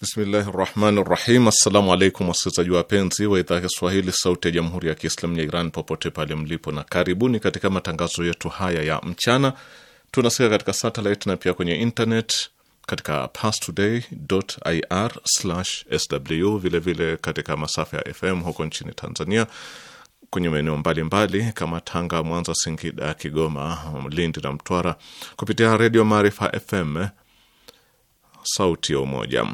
Bismillahi rahmani rahim. Assalamu alaikum wasikilizaji wapenzi wa idhaa Kiswahili sauti ya jamhuri ya Kiislamu ya Iran popote pale mlipo, na karibuni katika matangazo yetu haya ya mchana. Tunasikia katika satelit na pia kwenye internet katika pastoday.ir/sw, vilevile katika masafa ya FM huko nchini Tanzania kwenye maeneo mbalimbali kama Tanga, Mwanza, Singida, Kigoma, Lindi na Mtwara kupitia redio Maarifa FM sauti ya Umoja.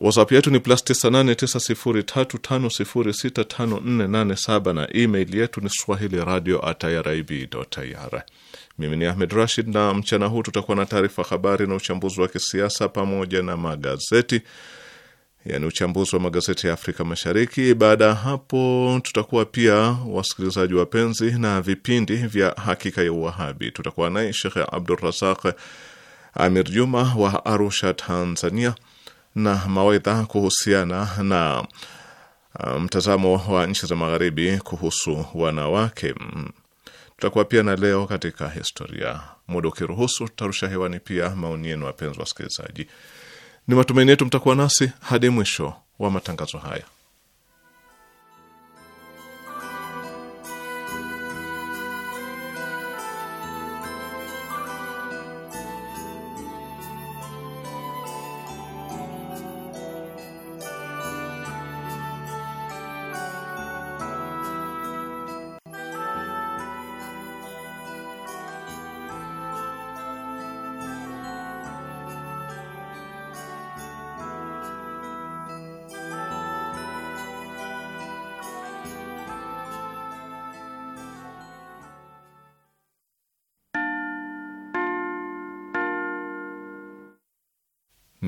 WhatsApp yetu ni plus 989035065487 na email yetu ni swahili radio ir. Mimi ni Ahmed Rashid, na mchana huu tutakuwa na taarifa habari na uchambuzi wa kisiasa pamoja na magazeti, yani uchambuzi wa magazeti ya Afrika Mashariki. Baada ya hapo, tutakuwa pia, wasikilizaji wapenzi, na vipindi vya Hakika ya Uwahabi. Tutakuwa naye Shekhe Abdurazaq Amir Juma wa Arusha, Tanzania na mawaidha kuhusiana na uh, mtazamo um, wa nchi za magharibi kuhusu wanawake. Tutakuwa pia na leo katika historia. Muda ukiruhusu, tutarusha hewani pia maoni yenu, wapenzi wasikilizaji. Ni matumaini yetu mtakuwa nasi hadi mwisho wa matangazo haya.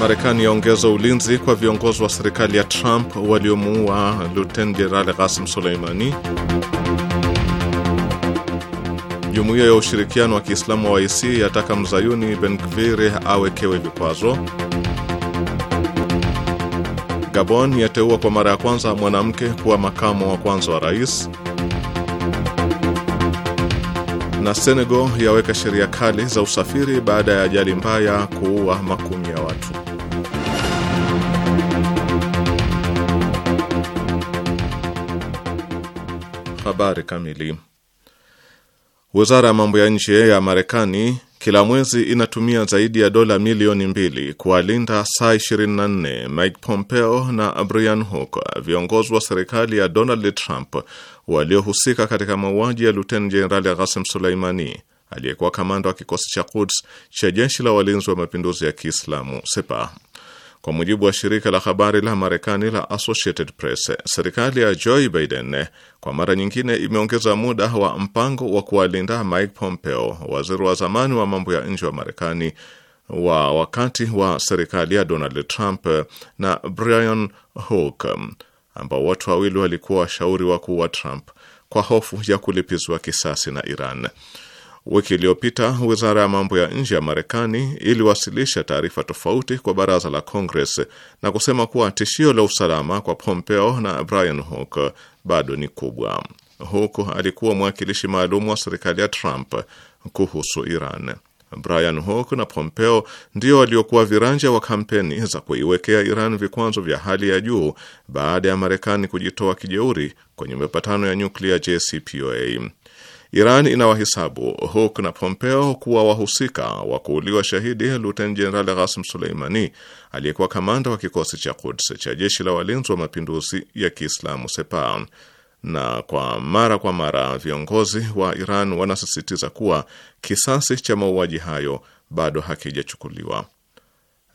Marekani yaongeza ulinzi kwa viongozi wa serikali ya Trump waliomuua Luten Jenerali Qasim Suleimani. Jumuiya ya ushirikiano wa Kiislamu wa OIC yataka mzayuni Benkvir awekewe vikwazo. Gabon yateua kwa mara ya kwanza mwanamke kuwa makamo wa kwanza wa rais. Na Senegal yaweka sheria kali za usafiri baada ya ajali mbaya kuua makumi Habari kamili. Wizara ya mambo ya nje ya Marekani kila mwezi inatumia zaidi ya dola milioni mbili kuwalinda saa 24 Mike Pompeo na Brian Hook, viongozi wa serikali ya Donald Trump waliohusika katika mauaji ya luteni jenerali Ghasim Suleimani aliyekuwa kamanda wa kikosi cha Quds cha jeshi la walinzi wa mapinduzi ya Kiislamu Sepah. Kwa mujibu wa shirika la habari la Marekani la Associated Press, serikali ya Joe Biden kwa mara nyingine imeongeza muda wa mpango wa kuwalinda Mike Pompeo, waziri wa zamani wa mambo ya nje wa Marekani wa wakati wa serikali ya Donald Trump na Brian Hook, ambao watu wawili walikuwa washauri wakuu wa Trump, kwa hofu ya kulipizwa kisasi na Iran. Wiki iliyopita wizara ya mambo ya nje ya Marekani iliwasilisha taarifa tofauti kwa baraza la Congress na kusema kuwa tishio la usalama kwa Pompeo na Brian Hook bado ni kubwa. Hook alikuwa mwakilishi maalum wa serikali ya Trump kuhusu Iran. Brian Hook na Pompeo ndio waliokuwa viranja wa kampeni za kuiwekea Iran vikwazo vya hali ya juu baada ya Marekani kujitoa kijeuri kwenye mapatano ya nyuklia JCPOA. Iran inawahesabu Hook na Pompeo kuwa wahusika wa kuuliwa shahidi Luten Jenerali Ghasim Suleimani, aliyekuwa kamanda wa kikosi cha Quds cha jeshi la walinzi wa mapinduzi ya Kiislamu Sepah. Na kwa mara kwa mara viongozi wa Iran wanasisitiza kuwa kisasi cha mauaji hayo bado hakijachukuliwa.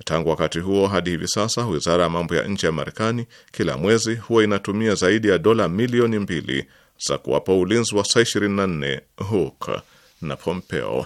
Tangu wakati huo hadi hivi sasa, wizara ya mambo ya nje ya Marekani kila mwezi huwa inatumia zaidi ya dola milioni mbili za kuwapa ulinzi wa saa 24 Hook na Pompeo.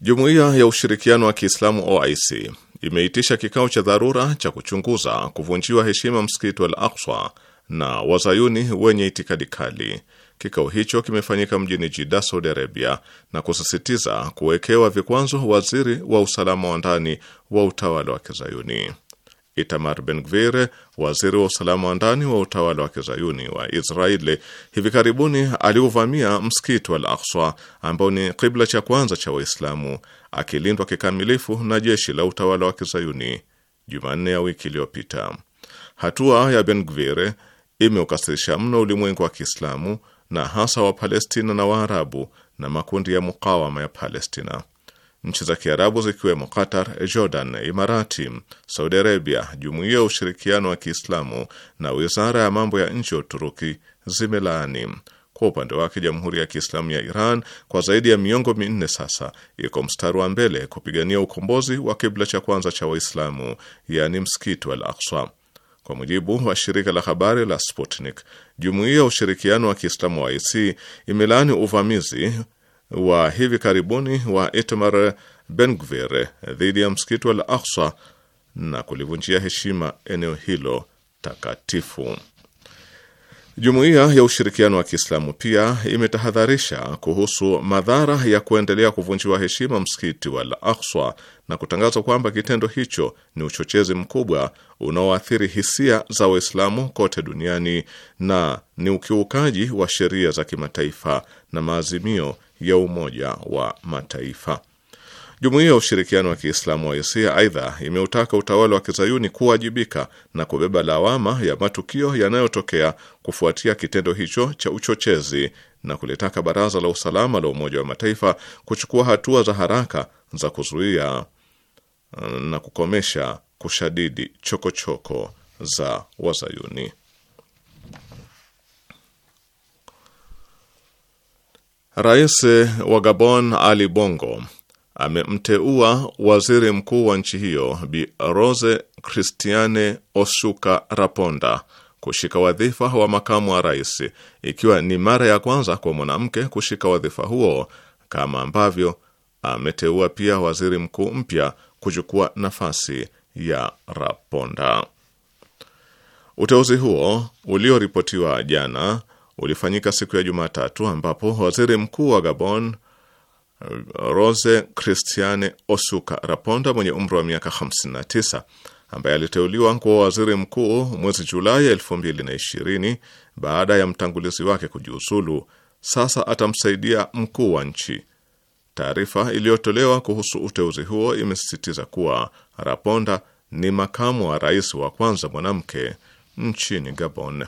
Jumuiya ya Ushirikiano wa Kiislamu OIC imeitisha kikao cha dharura cha kuchunguza kuvunjiwa heshima msikiti Al Aqsa na wazayuni wenye itikadi kali. Kikao hicho kimefanyika mjini Jida, Saudi Arabia, na kusisitiza kuwekewa vikwazo waziri wa usalama wa ndani wa utawala wa Kizayuni. Itamar Ben Gvir, waziri wa usalama wa ndani wa utawala wa kizayuni wa Israeli, hivi karibuni aliuvamia msikiti wa Al Akswa ambao ni kibla cha kwanza cha Waislamu, akilindwa kikamilifu na jeshi la utawala wa kizayuni Jumanne ya wiki iliyopita. Hatua ya Ben Gvir imeukasirisha mno ulimwengu wa Kiislamu na hasa wa Palestina na Waarabu na makundi ya mukawama ya Palestina nchi za Kiarabu zikiwemo Qatar, Jordan, Imarati, Saudi Arabia, Jumuiya ya Ushirikiano wa Kiislamu na Wizara ya Mambo ya Nje ya Uturuki zimelaani. Kwa upande wake, Jamhuri ya Kiislamu ya Iran kwa zaidi ya miongo minne sasa iko mstari wa mbele kupigania ukombozi wa kibla cha kwanza cha Waislamu, yaani msikiti wa Al-Aqsa. Kwa mujibu wa shirika la habari la Sputnik, Jumuiya ya Ushirikiano wa Kiislamu wa IC imelaani uvamizi wa hivi karibuni wa Itmar Bengvir dhidi ya msikiti wa Al Aksa na kulivunjia heshima eneo hilo takatifu. Jumuiya ya Ushirikiano wa Kiislamu pia imetahadharisha kuhusu madhara ya kuendelea kuvunjiwa heshima msikiti wa Al Aqsa na kutangaza kwamba kitendo hicho ni uchochezi mkubwa unaoathiri hisia za Waislamu kote duniani na ni ukiukaji wa sheria za kimataifa na maazimio ya Umoja wa Mataifa. Jumuiya ya Ushirikiano wa Kiislamu wa Asia aidha imeutaka utawala wa kizayuni kuwajibika na kubeba lawama ya matukio yanayotokea kufuatia kitendo hicho cha uchochezi na kulitaka Baraza la Usalama la Umoja wa Mataifa kuchukua hatua za haraka za kuzuia mm, na kukomesha kushadidi chokochoko choko za Wazayuni. Rais wa Gabon Ali Bongo amemteua waziri mkuu wa nchi hiyo Bi Rose Christiane Osuka Raponda kushika wadhifa wa makamu wa rais, ikiwa ni mara ya kwanza kwa mwanamke kushika wadhifa huo, kama ambavyo ameteua pia waziri mkuu mpya kuchukua nafasi ya Raponda. Uteuzi huo ulioripotiwa jana ulifanyika siku ya Jumatatu ambapo waziri mkuu wa Gabon Rose Christiane Osuka Raponda mwenye umri wa miaka 59 ambaye aliteuliwa kuwa waziri mkuu mwezi Julai 2020 baada ya mtangulizi wake kujiuzulu, sasa atamsaidia mkuu wa nchi. Taarifa iliyotolewa kuhusu uteuzi huo imesisitiza kuwa Raponda ni makamu wa rais wa kwanza mwanamke nchini Gabon.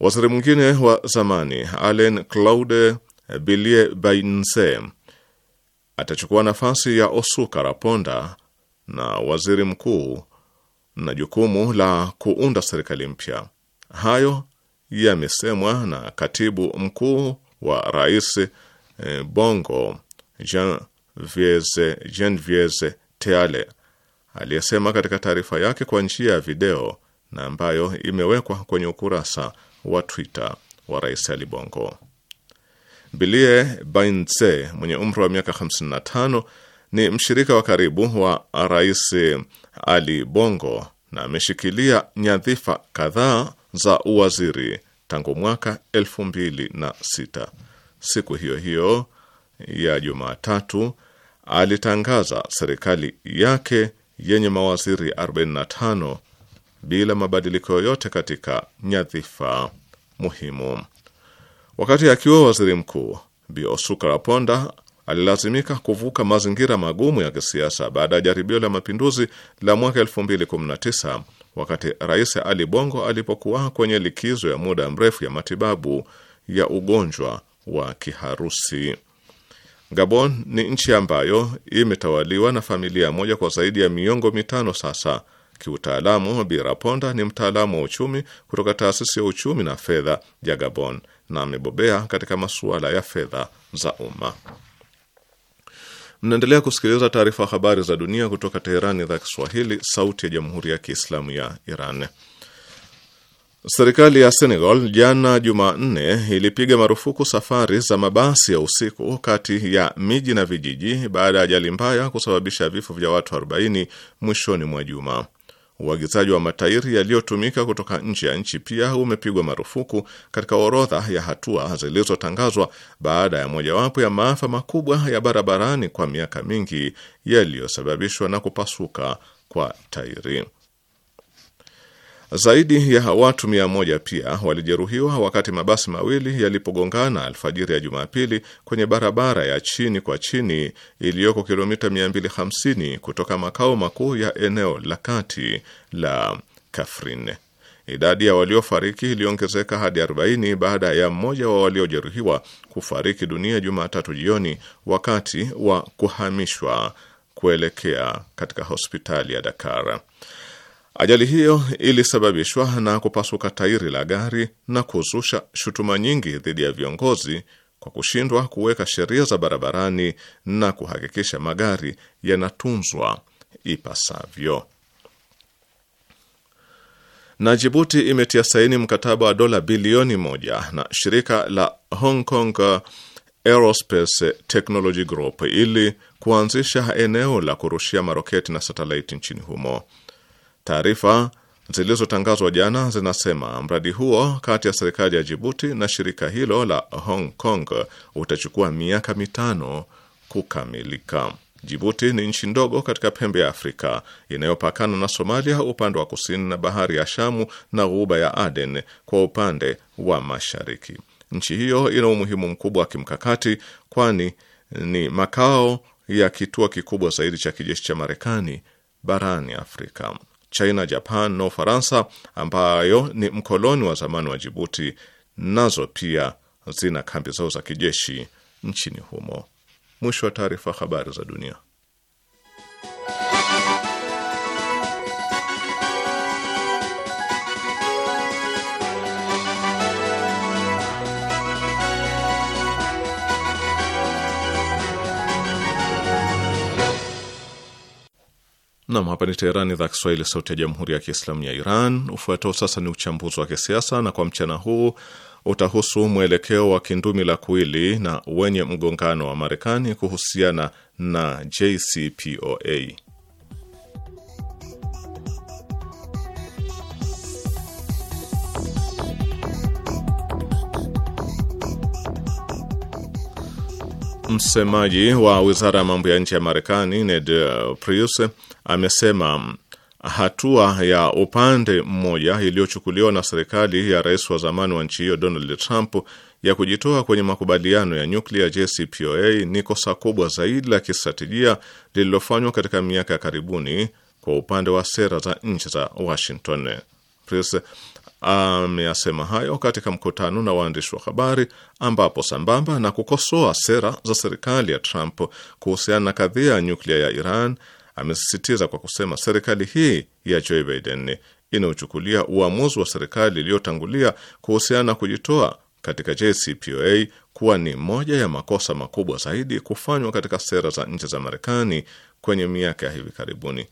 Waziri mwingine wa zamani Alain Claude Bilie-Bainse atachukua nafasi ya Osuka Raponda na waziri mkuu na jukumu la kuunda serikali mpya. Hayo yamesemwa na katibu mkuu wa rais eh, Bongo Janvieze Teale aliyesema katika taarifa yake kwa njia ya video na ambayo imewekwa kwenye ukurasa wa Twitter wa Rais Ali Bongo. Bilie Bainse mwenye umri wa miaka 55 ni mshirika wa karibu wa Rais Ali Bongo na ameshikilia nyadhifa kadhaa za uwaziri tangu mwaka sita. Siku hiyo hiyo ya Jumatatu alitangaza serikali yake yenye mawaziri 45 bila mabadiliko yoyote katika nyadhifa muhimu. Wakati akiwa waziri mkuu, Bi Osuka Raponda alilazimika kuvuka mazingira magumu ya kisiasa baada ya jaribio la mapinduzi la mwaka 2019 wakati Rais Ali Bongo alipokuwa kwenye likizo ya muda mrefu ya matibabu ya ugonjwa wa kiharusi. Gabon ni nchi ambayo imetawaliwa na familia moja kwa zaidi ya miongo mitano sasa Kiutaalamu, Bira Ponda ni mtaalamu wa uchumi kutoka taasisi ya uchumi na fedha ya Gabon na amebobea katika masuala ya fedha za umma. Mnaendelea kusikiliza taarifa habari za dunia kutoka Teherani, idhaa Kiswahili, sauti ya jamhuri ya kiislamu ya Iran. Serikali ya Senegal jana Jumanne ilipiga marufuku safari za mabasi ya usiku kati ya miji na vijiji baada ya ajali mbaya kusababisha vifo vya watu 40 mwishoni mwa juma. Uagizaji wa matairi yaliyotumika kutoka nje ya nchi pia umepigwa marufuku katika orodha ya hatua zilizotangazwa baada ya mojawapo ya maafa makubwa ya barabarani kwa miaka mingi yaliyosababishwa na kupasuka kwa tairi. Zaidi ya watu mia moja pia walijeruhiwa wakati mabasi mawili yalipogongana alfajiri ya Jumapili kwenye barabara ya chini kwa chini iliyoko kilomita 250 kutoka makao makuu ya eneo la kati la Kafrin. Idadi ya waliofariki iliongezeka hadi 40 baada ya mmoja wa waliojeruhiwa kufariki dunia Jumatatu jioni wakati wa kuhamishwa kuelekea katika hospitali ya Dakar. Ajali hiyo ilisababishwa na kupasuka tairi la gari na kuzusha shutuma nyingi dhidi ya viongozi kwa kushindwa kuweka sheria za barabarani na kuhakikisha magari yanatunzwa ipasavyo. Na Jibuti imetia saini mkataba wa dola bilioni moja na shirika la Hong Kong Aerospace Technology Group ili kuanzisha eneo la kurushia maroketi na satelaiti nchini humo. Taarifa zilizotangazwa jana zinasema mradi huo kati ya serikali ya Jibuti na shirika hilo la Hong Kong utachukua miaka mitano kukamilika. Jibuti ni nchi ndogo katika pembe ya Afrika inayopakana na Somalia upande wa kusini na bahari ya Shamu na ghuba ya Aden kwa upande wa mashariki. Nchi hiyo ina umuhimu mkubwa wa kimkakati, kwani ni makao ya kituo kikubwa zaidi cha kijeshi cha Marekani barani Afrika. China, Japan na Ufaransa ambayo ni mkoloni wa zamani wa Jibuti nazo pia zina kambi zao za kijeshi nchini humo. Mwisho wa taarifa. Habari za dunia. Nam, hapa ni Teherani, idhaa Kiswahili, sauti ya jamhuri ya kiislamu ya Iran. Ufuatao sasa ni uchambuzi wa kisiasa, na kwa mchana huu utahusu mwelekeo wa kindumi la kuili na wenye mgongano wa Marekani kuhusiana na JCPOA. Msemaji wa wizara ya mambo ya nje ya Marekani Ned Prius amesema hatua ya upande mmoja iliyochukuliwa na serikali ya rais wa zamani wa nchi hiyo Donald Trump ya kujitoa kwenye makubaliano ya nyuklia JCPOA ni kosa kubwa zaidi la kistratejia lililofanywa katika miaka ya karibuni kwa upande wa sera za nchi za Washington. Price ameyasema hayo katika mkutano na waandishi wa habari ambapo sambamba na kukosoa sera za serikali ya Trump kuhusiana na kadhia ya nyuklia ya Iran amesisitiza kwa kusema serikali hii ya Joe Biden inayochukulia uamuzi wa serikali iliyotangulia kuhusiana na kujitoa katika JCPOA kuwa ni moja ya makosa makubwa zaidi kufanywa katika sera za nchi za Marekani kwenye miaka ya hivi karibuni.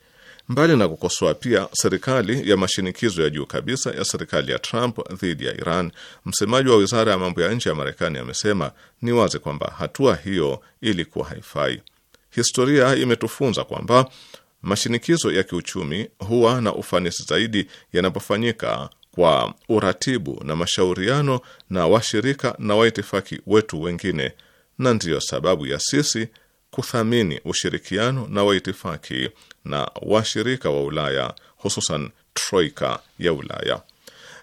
Mbali na kukosoa pia serikali ya mashinikizo ya juu kabisa ya serikali ya Trump dhidi ya Iran, msemaji wa wizara ya mambo ya nje ya Marekani amesema ni wazi kwamba hatua hiyo ilikuwa haifai. Historia imetufunza kwamba mashinikizo ya kiuchumi huwa na ufanisi zaidi yanapofanyika kwa uratibu na mashauriano na washirika na waitifaki wetu wengine, na ndiyo sababu ya sisi kuthamini ushirikiano na waitifaki na washirika wa Ulaya, hususan troika ya Ulaya.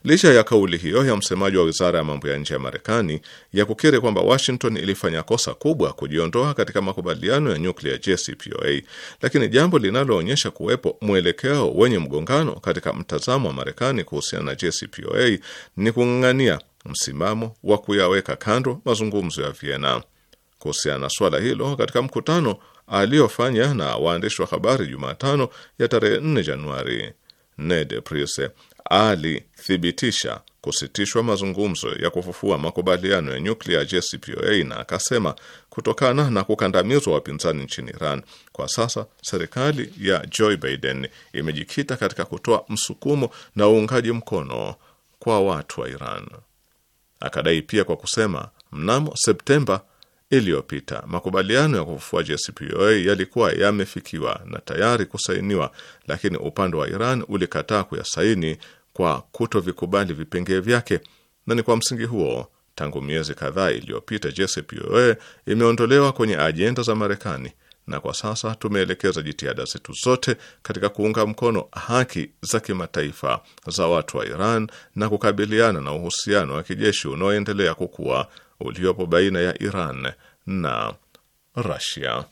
Licha ya kauli hiyo ya msemaji wa wizara ya mambo ya nje ya Marekani ya kukiri kwamba Washington ilifanya kosa kubwa kujiondoa katika makubaliano ya nyuklia JCPOA, lakini jambo linaloonyesha kuwepo mwelekeo wenye mgongano katika mtazamo wa Marekani kuhusiana na JCPOA ni kung'ang'ania msimamo wa kuyaweka kando mazungumzo ya Vienna. Kuhusiana na swala hilo, katika mkutano aliyofanya na waandishi wa habari Jumatano ya tarehe 4 Januari, Ned Price alithibitisha kusitishwa mazungumzo ya kufufua makubaliano ya nyuklia JCPOA na akasema kutokana na kukandamizwa wapinzani nchini Iran, kwa sasa serikali ya Joe Biden imejikita katika kutoa msukumo na uungaji mkono kwa watu wa Iran. Akadai pia kwa kusema mnamo Septemba iliyopita. Makubaliano ya kufufua JCPOA yalikuwa yamefikiwa na tayari kusainiwa, lakini upande wa Iran ulikataa kuyasaini kwa kutovikubali vipengee vyake, na ni kwa msingi huo tangu miezi kadhaa iliyopita JCPOA imeondolewa kwenye ajenda za Marekani, na kwa sasa tumeelekeza jitihada zetu zote katika kuunga mkono haki za kimataifa za watu wa Iran na kukabiliana na uhusiano wa kijeshi unaoendelea kukua uliopo baina ya Iran na Russia.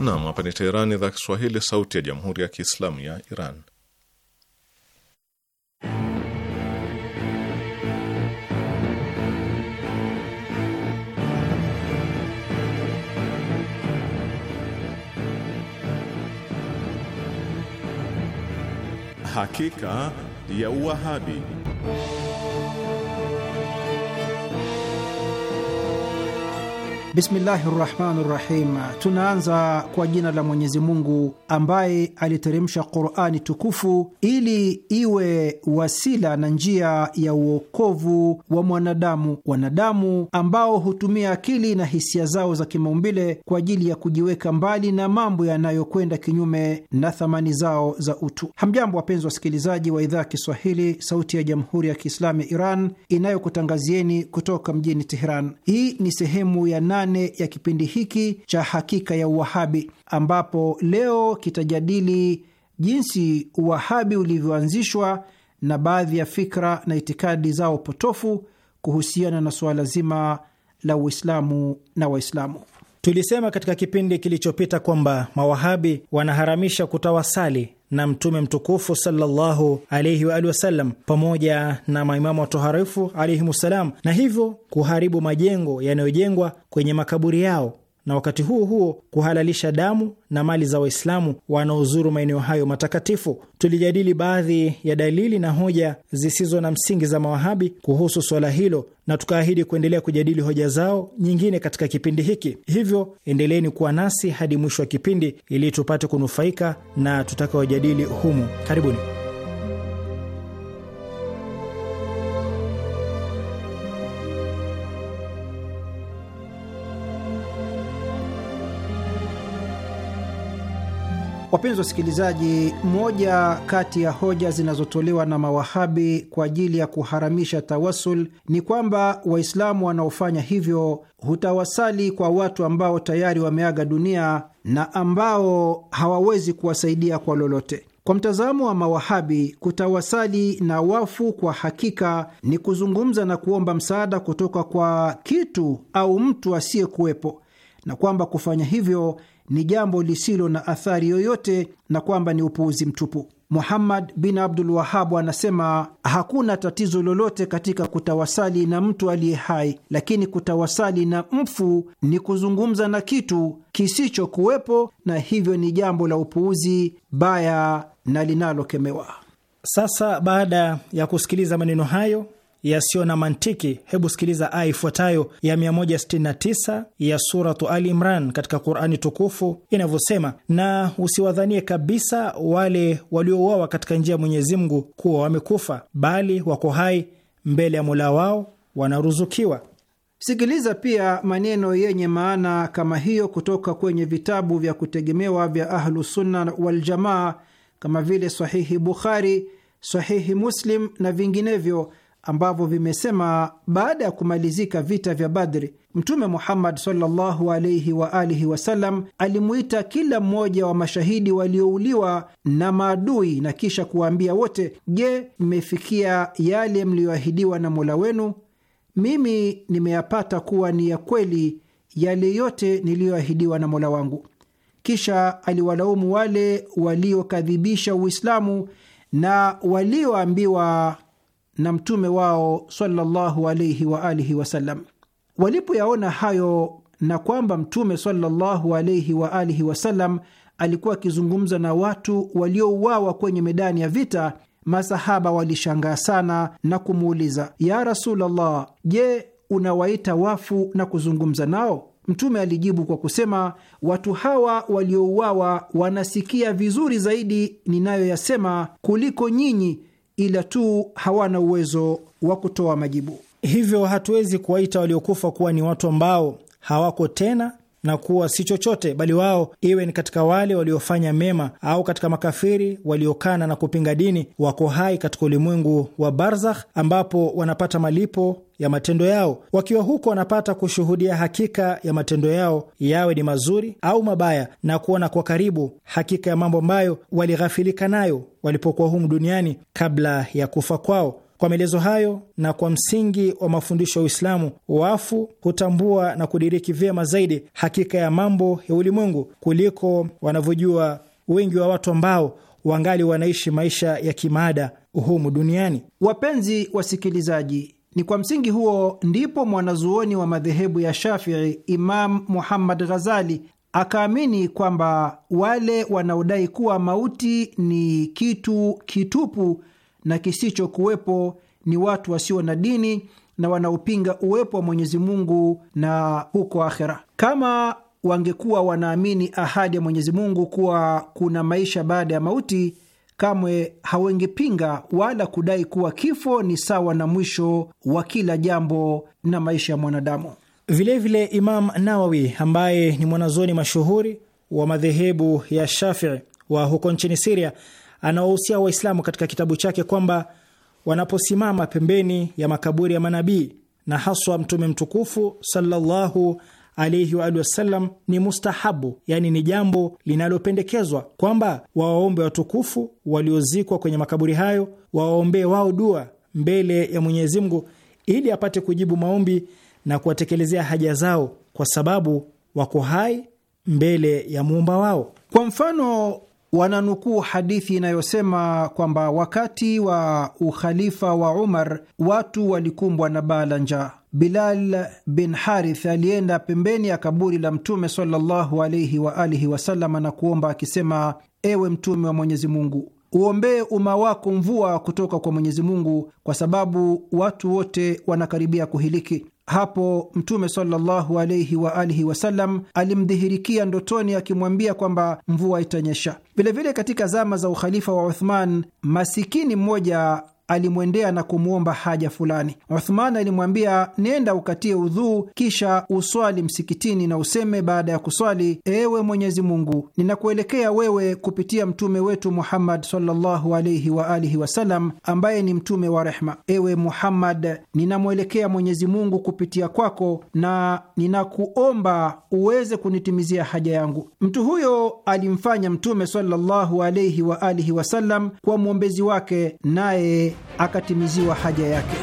Naam, hapa ni Teherani, idhaa Kiswahili, sauti ya Jamhuri ya Kiislamu ya Iran. hakika ya Uwahabi. Bismillahi rahmani rahim. Tunaanza kwa jina la Mwenyezi Mungu ambaye aliteremsha Qurani tukufu ili iwe wasila na njia ya uokovu wa mwanadamu, wanadamu ambao hutumia akili na hisia zao za kimaumbile kwa ajili ya kujiweka mbali na mambo yanayokwenda kinyume na thamani zao za utu. Hamjambo, wapenzi wasikilizaji wa idhaa ya Kiswahili, Sauti ya Jamhuri ya Kiislamu ya Iran inayokutangazieni kutoka mjini Teheran. Hii ni sehemu ya nane ya kipindi hiki cha Hakika ya Uwahabi, ambapo leo kitajadili jinsi Uwahabi ulivyoanzishwa na baadhi ya fikra na itikadi zao potofu kuhusiana na suala zima la Uislamu na Waislamu. Tulisema katika kipindi kilichopita kwamba mawahabi wanaharamisha kutawasali na Mtume mtukufu sallallahu alaihi wa alihi wasallam pamoja na maimamu watoharifu ssalam, na hivyo kuharibu majengo yanayojengwa kwenye makaburi yao na wakati huo huo kuhalalisha damu na mali za Waislamu wanaozuru maeneo hayo matakatifu. Tulijadili baadhi ya dalili na hoja zisizo na msingi za mawahabi kuhusu swala hilo na tukaahidi kuendelea kujadili hoja zao nyingine katika kipindi hiki. Hivyo endeleeni kuwa nasi hadi mwisho wa kipindi ili tupate kunufaika na tutakaojadili humu. Karibuni. Wapenzi wasikilizaji, moja kati ya hoja zinazotolewa na mawahabi kwa ajili ya kuharamisha tawasul ni kwamba Waislamu wanaofanya hivyo hutawasali kwa watu ambao tayari wameaga dunia na ambao hawawezi kuwasaidia kwa lolote. Kwa mtazamo wa mawahabi, kutawasali na wafu kwa hakika ni kuzungumza na kuomba msaada kutoka kwa kitu au mtu asiyekuwepo, na kwamba kufanya hivyo ni jambo lisilo na athari yoyote na kwamba ni upuuzi mtupu. Muhammad bin Abdul Wahabu anasema hakuna tatizo lolote katika kutawasali na mtu aliye hai, lakini kutawasali na mfu ni kuzungumza na kitu kisichokuwepo, na hivyo ni jambo la upuuzi baya na linalokemewa. Sasa baada ya kusikiliza maneno hayo yasiyo na mantiki, hebu sikiliza aya ifuatayo ya 169 ya suratu Ali Imran katika Qurani tukufu inavyosema: na usiwadhanie kabisa wale waliouawa katika njia ya Mwenyezi Mungu kuwa wamekufa, bali wako hai mbele ya Mola wao wanaruzukiwa. Sikiliza pia maneno yenye maana kama hiyo kutoka kwenye vitabu vya kutegemewa vya Ahlusunna Waljamaa kama vile Sahihi Bukhari, Sahihi Muslim na vinginevyo ambavyo vimesema baada ya kumalizika vita vya Badri, Mtume Muhammad sallallahu alaihi wa alihi wasallam alimuita kila mmoja wa mashahidi waliouliwa na maadui na kisha kuwaambia wote, je, mmefikia yale mliyoahidiwa na mola wenu? Mimi nimeyapata kuwa ni ya kweli yale yote niliyoahidiwa na mola wangu. Kisha aliwalaumu wale waliokadhibisha Uislamu na walioambiwa na mtume wao sallallahu alaihi wa alihi wasallam. Walipoyaona hayo na kwamba mtume sallallahu alaihi wa alihi wasallam alikuwa akizungumza na watu waliouawa kwenye medani ya vita, masahaba walishangaa sana na kumuuliza, ya Rasulullah, je, unawaita wafu na kuzungumza nao? Mtume alijibu kwa kusema, watu hawa waliouawa wanasikia vizuri zaidi ninayoyasema kuliko nyinyi ila tu hawana uwezo wa kutoa majibu. Hivyo hatuwezi kuwaita waliokufa kuwa ni watu ambao hawako tena na kuwa si chochote, bali wao iwe ni katika wale waliofanya mema au katika makafiri waliokana na kupinga dini, wako hai katika ulimwengu wa barzakh, ambapo wanapata malipo ya matendo yao. Wakiwa huko, wanapata kushuhudia hakika ya matendo yao, yawe ni mazuri au mabaya, na kuona kwa karibu hakika ya mambo ambayo walighafilika nayo walipokuwa humu duniani kabla ya kufa kwao. Kwa maelezo hayo na kwa msingi wa mafundisho ya Uislamu, wafu hutambua na kudiriki vyema zaidi hakika ya mambo ya ulimwengu kuliko wanavyojua wengi wa watu ambao wangali wanaishi maisha ya kimaada humu duniani. Wapenzi wasikilizaji, ni kwa msingi huo ndipo mwanazuoni wa madhehebu ya Shafii Imam Muhammad Ghazali akaamini kwamba wale wanaodai kuwa mauti ni kitu kitupu na kisichokuwepo ni watu wasio na dini na wanaopinga uwepo wa Mwenyezi Mungu na huko akhera. Kama wangekuwa wanaamini ahadi ya Mwenyezi Mungu kuwa kuna maisha baada ya mauti, kamwe hawengepinga wala kudai kuwa kifo ni sawa na mwisho wa kila jambo na maisha ya mwanadamu. Vilevile vile Imam Nawawi ambaye ni mwanazoni mashuhuri wa madhehebu ya Shafii wa huko nchini Siria anawahusia Waislamu katika kitabu chake kwamba wanaposimama pembeni ya makaburi ya manabii na haswa Mtume mtukufu sallallahu alaihi wa alihi wasallam, ni mustahabu, yaani ni jambo linalopendekezwa kwamba wawaombe watukufu waliozikwa kwenye makaburi hayo, wawaombee wao dua mbele ya Mwenyezi Mungu ili apate kujibu maombi na kuwatekelezea haja zao, kwa sababu wako hai mbele ya muumba wao. Kwa mfano wananukuu hadithi inayosema kwamba wakati wa ukhalifa wa Umar watu walikumbwa na baa la njaa. Bilal bin Harith alienda pembeni ya kaburi la Mtume sallallahu alaihi wa alihi na kuomba akisema, ewe Mtume wa Mwenyezi Mungu, uombee umma wako mvua kutoka kwa Mwenyezi Mungu, kwa sababu watu wote wanakaribia kuhiliki. Hapo Mtume sallallahu alaihi wa alihi wasallam alimdhihirikia ndotoni akimwambia kwamba mvua itanyesha. Vilevile katika zama za ukhalifa wa Uthman, masikini mmoja alimwendea na kumwomba haja fulani. Uthman alimwambia, nenda ukatie udhuu, kisha uswali msikitini na useme baada ya kuswali, ewe Mwenyezi Mungu, ninakuelekea wewe kupitia mtume wetu Muhammad sallallahu alaihi wa alihi wasallam, ambaye ni mtume wa rehma. Ewe Muhammad, ninamwelekea Mwenyezi Mungu kupitia kwako na ninakuomba uweze kunitimizia haja yangu. Mtu huyo alimfanya Mtume sallallahu alaihi wa alihi wasallam mwombezi wake, naye akatimiziwa haja yake.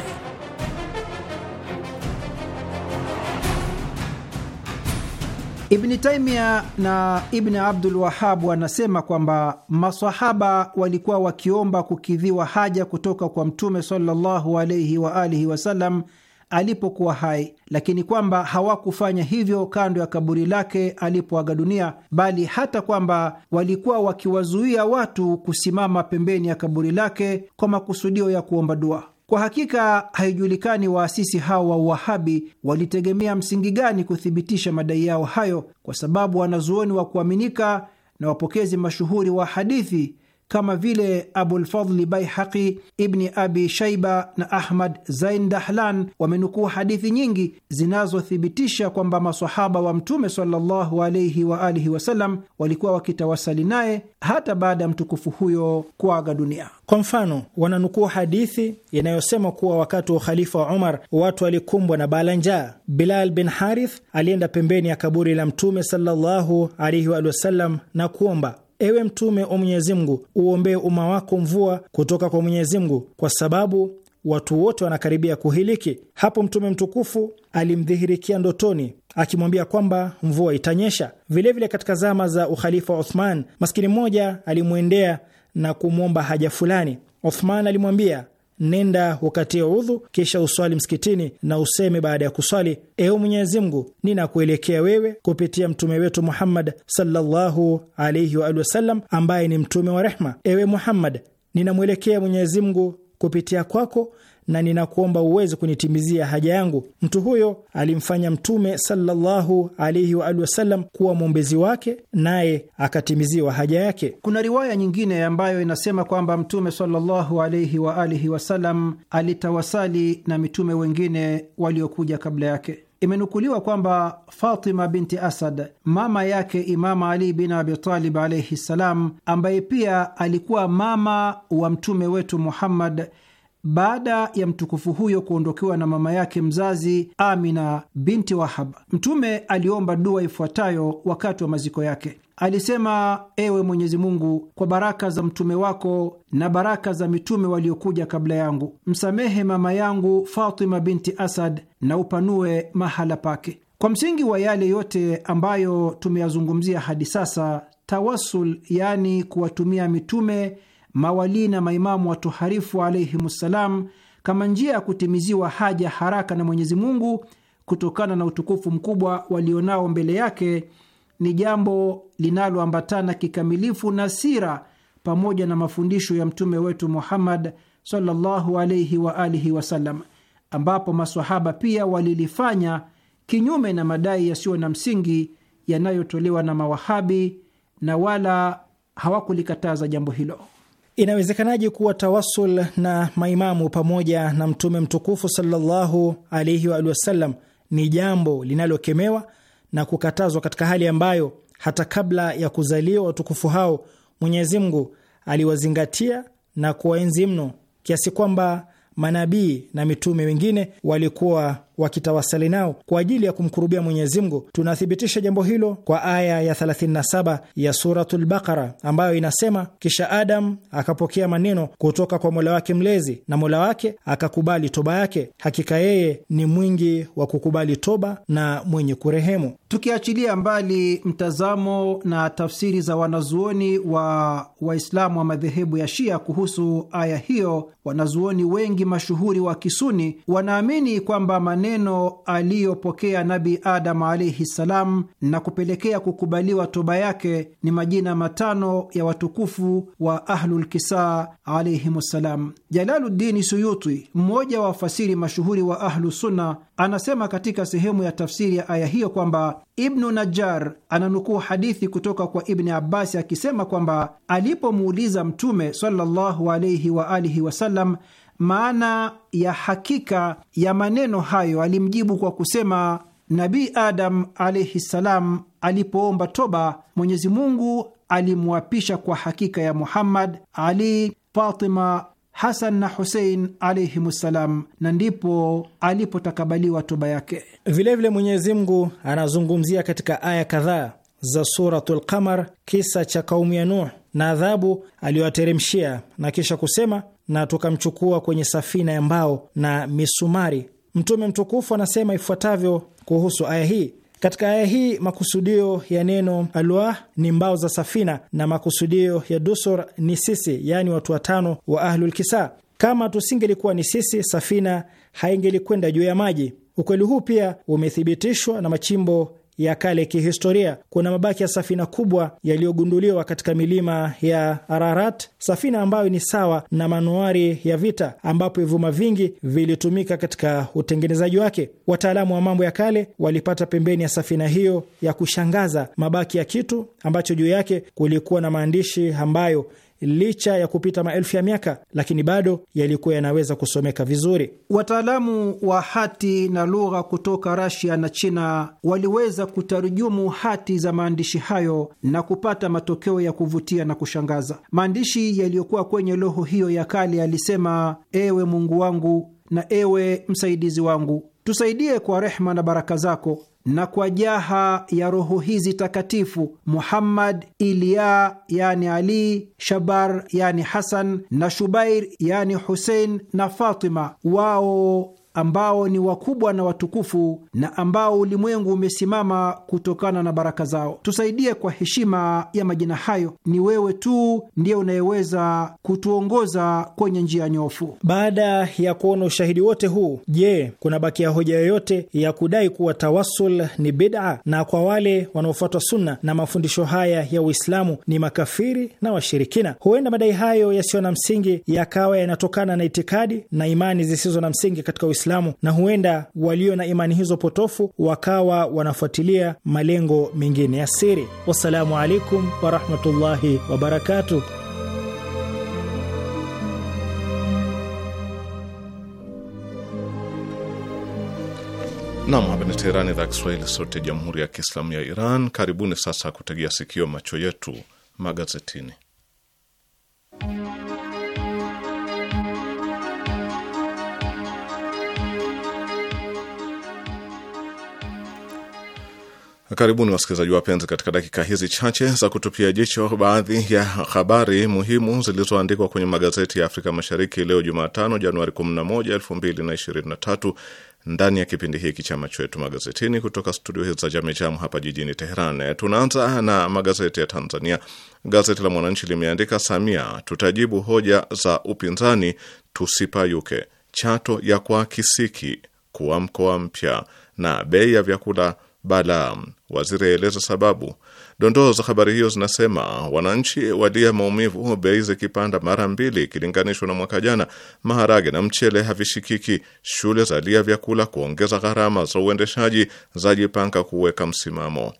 Ibni Taimia na Ibni Abdul Wahab wanasema kwamba masahaba walikuwa wakiomba kukidhiwa haja kutoka kwa Mtume sallallahu alaihi waalihi wasalam alipokuwa hai, lakini kwamba hawakufanya hivyo kando ya kaburi lake alipoaga dunia, bali hata kwamba walikuwa wakiwazuia watu kusimama pembeni ya kaburi lake kwa makusudio ya kuomba dua. Kwa hakika haijulikani waasisi hao wa Uwahabi walitegemea msingi gani kuthibitisha madai yao hayo, kwa sababu wanazuoni wa kuaminika na wapokezi mashuhuri wa hadithi kama vile Abulfadli Baihaqi, Ibni Abi Shaiba na Ahmad Zain Dahlan wamenukuu hadithi nyingi zinazothibitisha kwamba masahaba wa Mtume sallallahu alaihi wa alihi wasallam walikuwa wakitawasali naye hata baada ya mtukufu huyo kuaga dunia. Kwa mfano, wananukuu hadithi inayosema kuwa wakati wa ukhalifa wa Umar watu walikumbwa na bala njaa. Bilal bin Harith alienda pembeni ya kaburi la Mtume sallallahu alaihi wa alihi wasallam na kuomba Ewe Mtume wa Mwenyezi Mungu, uombee umma wako mvua kutoka kwa Mwenyezi Mungu, kwa sababu watu wote wanakaribia kuhiliki. Hapo Mtume mtukufu alimdhihirikia ndotoni akimwambia kwamba mvua itanyesha. Vilevile vile katika zama za ukhalifa wa Othman, maskini mmoja alimwendea na kumwomba haja fulani. Othman alimwambia nenda ukatie udhu, kisha uswali msikitini na useme baada ya kuswali: ewe Mwenyezi Mungu, ninakuelekea wewe kupitia mtume wetu Muhammad sallallahu alaihi wa wasallam, ambaye ni mtume wa rehma. Ewe Muhammad, ninamwelekea Mwenyezi Mungu kupitia kwako na ninakuomba uweze kunitimizia haja yangu. Mtu huyo alimfanya Mtume sallallahu alaihi wa alihi wasallam kuwa mwombezi wake, naye akatimiziwa haja yake. Kuna riwaya nyingine ambayo inasema kwamba Mtume sallallahu alaihi wa alihi wasallam alitawasali na mitume wengine waliokuja kabla yake. Imenukuliwa kwamba Fatima binti Asad, mama yake Imama Ali bin Abitalib alaihi ssalam, ambaye pia alikuwa mama wa mtume wetu Muhammad baada ya mtukufu huyo kuondokewa na mama yake mzazi Amina binti Wahab. Mtume aliomba dua ifuatayo wakati wa maziko yake. Alisema, ewe Mwenyezi Mungu, kwa baraka za mtume wako na baraka za mitume waliokuja kabla yangu, msamehe mama yangu Fatima binti Asad na upanue mahala pake. Kwa msingi wa yale yote ambayo tumeyazungumzia hadi sasa, tawasul, yaani kuwatumia mitume mawalii na maimamu watoharifu alaihimussalam, kama njia ya kutimiziwa haja haraka na Mwenyezi Mungu kutokana na utukufu mkubwa walionao mbele yake ni jambo linaloambatana kikamilifu na sira pamoja na mafundisho ya mtume wetu Muhammad sallallahu alaihi wa alihi wasallam, ambapo masahaba pia walilifanya kinyume na madai yasiyo na msingi yanayotolewa na mawahabi na wala hawakulikataza jambo hilo. Inawezekanaje kuwa tawasul na maimamu pamoja na mtume mtukufu sallallahu alaihi wa alihi wasallam ni jambo linalokemewa na kukatazwa katika hali ambayo hata kabla ya kuzaliwa watukufu hao Mwenyezi Mungu aliwazingatia na kuwaenzi mno kiasi kwamba manabii na mitume wengine walikuwa wakitawasali nao kwa ajili ya kumkurubia Mwenyezi Mungu. Tunathibitisha jambo hilo kwa aya ya 37 ya Suratul Baqara ambayo inasema, kisha Adam akapokea maneno kutoka kwa Mola wake mlezi na Mola wake akakubali toba yake, hakika yeye ni mwingi wa kukubali toba na mwenye kurehemu. Tukiachilia mbali mtazamo na tafsiri za wanazuoni wa Waislamu wa madhehebu ya Shia kuhusu aya hiyo, wanazuoni wengi mashuhuri wa Kisuni wanaamini kwamba maneno maneno aliyopokea Nabi Adam alaihi ssalam na kupelekea kukubaliwa toba yake ni majina matano ya watukufu wa Ahlulkisaa alaihim ssalam. Jalaludini Suyuti, mmoja wa wafasiri mashuhuri wa Ahlusunna, anasema katika sehemu ya tafsiri ya aya hiyo kwamba Ibnu Najjar ananukuu hadithi kutoka kwa Ibni Abbasi akisema kwamba alipomuuliza Mtume sallallahu alaihi waalihi wasallam maana ya hakika ya maneno hayo, alimjibu kwa kusema, Nabii Adam alaihi ssalam alipoomba toba, Mwenyezi Mungu alimwapisha kwa hakika ya Muhammad, Ali, Fatima, Hasan na Husein alaihim ssalam, na ndipo alipotakabaliwa toba yake. Vilevile Mwenyezi Mungu anazungumzia katika aya kadhaa za suratu lqamar kisa cha kaumu ya Nuh na adhabu aliyoateremshia na kisha kusema na tukamchukua kwenye safina ya mbao na misumari. Mtume mtukufu anasema ifuatavyo kuhusu aya hii: katika aya hii makusudio ya neno alwah ni mbao za safina na makusudio ya dusur ni sisi, yaani watu watano wa Ahlulkisa. Kama tusingelikuwa ni sisi, safina haingelikwenda juu ya maji. Ukweli huu pia umethibitishwa na machimbo ya kale kihistoria. Kuna mabaki ya safina kubwa yaliyogunduliwa katika milima ya Ararat, safina ambayo ni sawa na manuari ya vita, ambapo vyuma vingi vilitumika katika utengenezaji wake. Wataalamu wa mambo ya kale walipata pembeni ya safina hiyo ya kushangaza mabaki ya kitu ambacho juu yake kulikuwa na maandishi ambayo licha ya kupita maelfu ya miaka, lakini bado yalikuwa yanaweza kusomeka vizuri. Wataalamu wa hati na lugha kutoka Rasia na China waliweza kutarujumu hati za maandishi hayo na kupata matokeo ya kuvutia na kushangaza. Maandishi yaliyokuwa kwenye roho hiyo ya kale yalisema: ewe Mungu wangu na ewe msaidizi wangu, tusaidie kwa rehma na baraka zako na kwa jaha ya roho hizi takatifu Muhammad, ilya yani Ali, Shabar yani Hasan na Shubair yani Husein na Fatima, wao ambao ni wakubwa na watukufu na ambao ulimwengu umesimama kutokana na baraka zao. Tusaidie kwa heshima ya majina hayo. Ni wewe tu ndiye unayeweza kutuongoza kwenye njia nyofu. Baada ya kuona ushahidi wote huu, je, kuna bakia hoja yoyote ya kudai kuwa tawasul ni bid'a na kwa wale wanaofuata sunna na mafundisho haya ya Uislamu ni makafiri na washirikina? Huenda madai hayo yasiyo na msingi yakawa yanatokana na itikadi na imani zisizo na msingi katika Uislamu Waislamu, na huenda walio na imani hizo potofu wakawa wanafuatilia malengo mengine ya siri. Wassalamu alaikum warahmatullahi wabarakatuh. Nam, hapa ni Teherani, idhaa Kiswahili, sauti ya jamhuri ya kiislamu ya Iran. Karibuni sasa kutegea sikio, macho yetu magazetini. Karibuni wasikilizaji wapenzi, katika dakika hizi chache za kutupia jicho baadhi ya habari muhimu zilizoandikwa kwenye magazeti ya Afrika Mashariki leo Jumatano, Januari 11, 2023 ndani ya kipindi hiki cha macho yetu magazetini kutoka studio hizi za Jamejam hapa jijini Teheran. Tunaanza na magazeti ya Tanzania. Gazeti la Mwananchi limeandika Samia, tutajibu hoja za upinzani, tusipayuke. Chato ya kwa kisiki kuwa mkoa mpya, na bei ya vyakula Balaam. Waziri aeleza sababu. Dondoo za habari hiyo zinasema wananchi walia maumivu, bei zikipanda mara mbili ikilinganishwa na mwaka jana. Maharage na mchele havishikiki, shule zalia vyakula, kuongeza gharama za uendeshaji, zajipanga kuweka msimamo.